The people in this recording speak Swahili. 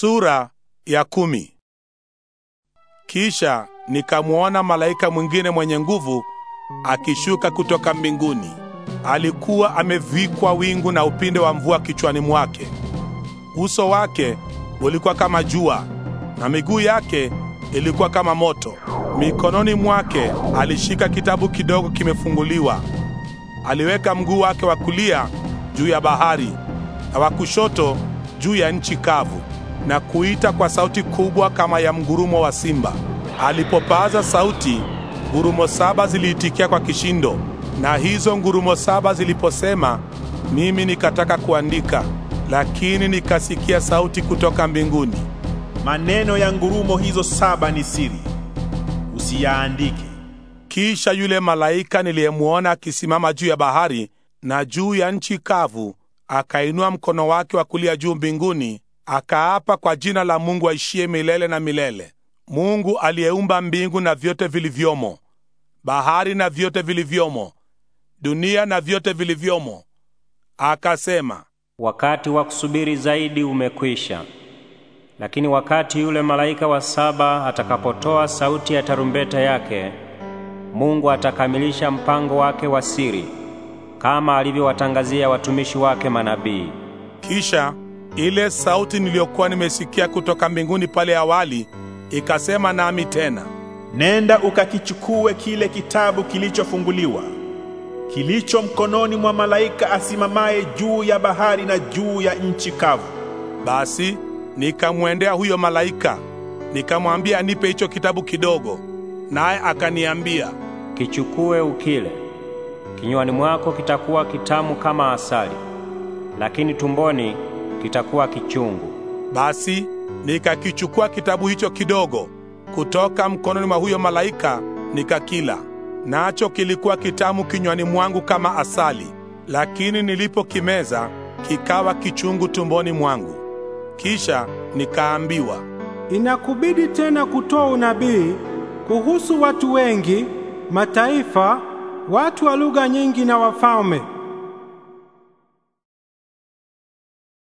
Sura ya kumi. Kisha nikamwona malaika mwingine mwenye nguvu akishuka kutoka mbinguni. Alikuwa amevikwa wingu na upinde wa mvua kichwani mwake. Uso wake ulikuwa kama jua na miguu yake ilikuwa kama moto. Mikononi mwake alishika kitabu kidogo kimefunguliwa. Aliweka mguu wake wa kulia juu ya bahari na wa kushoto juu ya nchi kavu na kuita kwa sauti kubwa kama ya mgurumo wa simba. Alipopaza sauti, ngurumo saba ziliitikia kwa kishindo, na hizo ngurumo saba ziliposema, mimi nikataka kuandika, lakini nikasikia sauti kutoka mbinguni. Maneno ya ngurumo hizo saba ni siri, usiyaandike. Kisha yule malaika niliyemwona akisimama juu ya bahari na juu ya nchi kavu akainua mkono wake wa kulia juu mbinguni akaapa kwa jina la Mungu aishiye milele na milele, Mungu aliyeumba mbingu na vyote vilivyomo, bahari na vyote vilivyomo, dunia na vyote vilivyomo, akasema, wakati wa kusubiri zaidi umekwisha. Lakini wakati yule malaika wa saba atakapotoa sauti ya tarumbeta yake, Mungu atakamilisha mpango wake wa siri, kama alivyowatangazia watumishi wake manabii. Kisha ile sauti niliyokuwa nimesikia kutoka mbinguni pale awali ikasema nami tena, nenda ukakichukue kile kitabu kilichofunguliwa kilicho mkononi mwa malaika asimamaye juu ya bahari na juu ya nchi kavu. Basi nikamwendea huyo malaika nikamwambia, nipe hicho kitabu kidogo. Naye akaniambia, kichukue ukile, kinywani mwako kitakuwa kitamu kama asali, lakini tumboni kitakuwa kichungu. Basi nikakichukua kitabu hicho kidogo kutoka mkononi mwa huyo malaika, nikakila. Nacho kilikuwa kitamu kinywani mwangu kama asali, lakini nilipokimeza kikawa kichungu tumboni mwangu. Kisha nikaambiwa, inakubidi tena kutoa unabii kuhusu watu wengi, mataifa, watu wa lugha nyingi na wafalme.